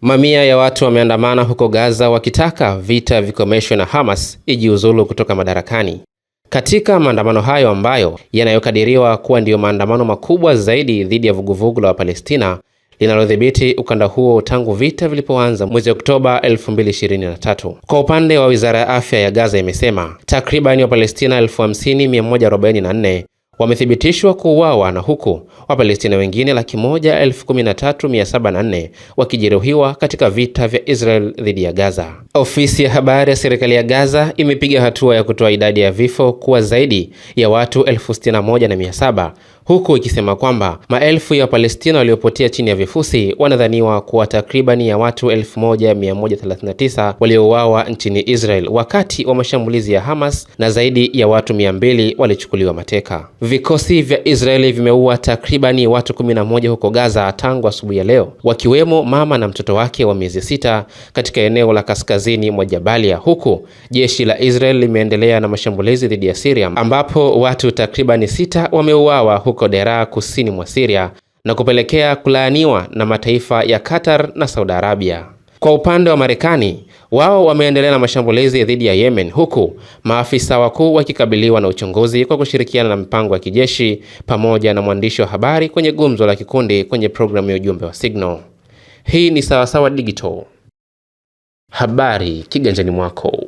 Mamia ya watu wameandamana huko Gaza wakitaka vita vikomeshwe na Hamas ijiuzulu kutoka madarakani. Katika maandamano hayo ambayo yanayokadiriwa kuwa ndiyo maandamano makubwa zaidi dhidi ya vuguvugu la Wapalestina linalodhibiti ukanda huo tangu vita vilipoanza mwezi Oktoba 2023. Kwa upande wa Wizara ya Afya ya Gaza imesema takribani Wapalestina 50,144 wamethibitishwa kuuawa na huku Wapalestina wengine laki moja elfu kumi na tatu mia saba na nne wakijeruhiwa katika vita vya Israel dhidi ya Gaza. Ofisi ya habari ya serikali ya Gaza imepiga hatua ya kutoa idadi ya vifo kuwa zaidi ya watu elfu sitini na moja na mia saba huku ikisema kwamba maelfu ya Wapalestina waliopotea chini ya vifusi wanadhaniwa kuwa takribani ya watu 1139 waliouawa nchini Israel wakati wa mashambulizi ya Hamas na zaidi ya watu 200 walichukuliwa mateka. Vikosi vya Israeli vimeua takribani watu 11 huko Gaza tangu asubuhi ya leo, wakiwemo mama na mtoto wake wa miezi sita katika eneo la kaskazini mwa Jabalia, huku jeshi la Israel limeendelea na mashambulizi dhidi ya Syria ambapo watu takribani sita wameuawa huko Dera kusini mwa Syria na kupelekea kulaaniwa na mataifa ya Qatar na Saudi Arabia. Kwa upande wa Marekani, wao wameendelea na mashambulizi dhidi ya Yemen huku maafisa wakuu wakikabiliwa na uchunguzi kwa kushirikiana na mpango wa kijeshi pamoja na mwandishi wa habari kwenye gumzo la kikundi kwenye programu ya ujumbe wa Signal. Hii ni Sawasawa Digital. Habari kiganjani mwako.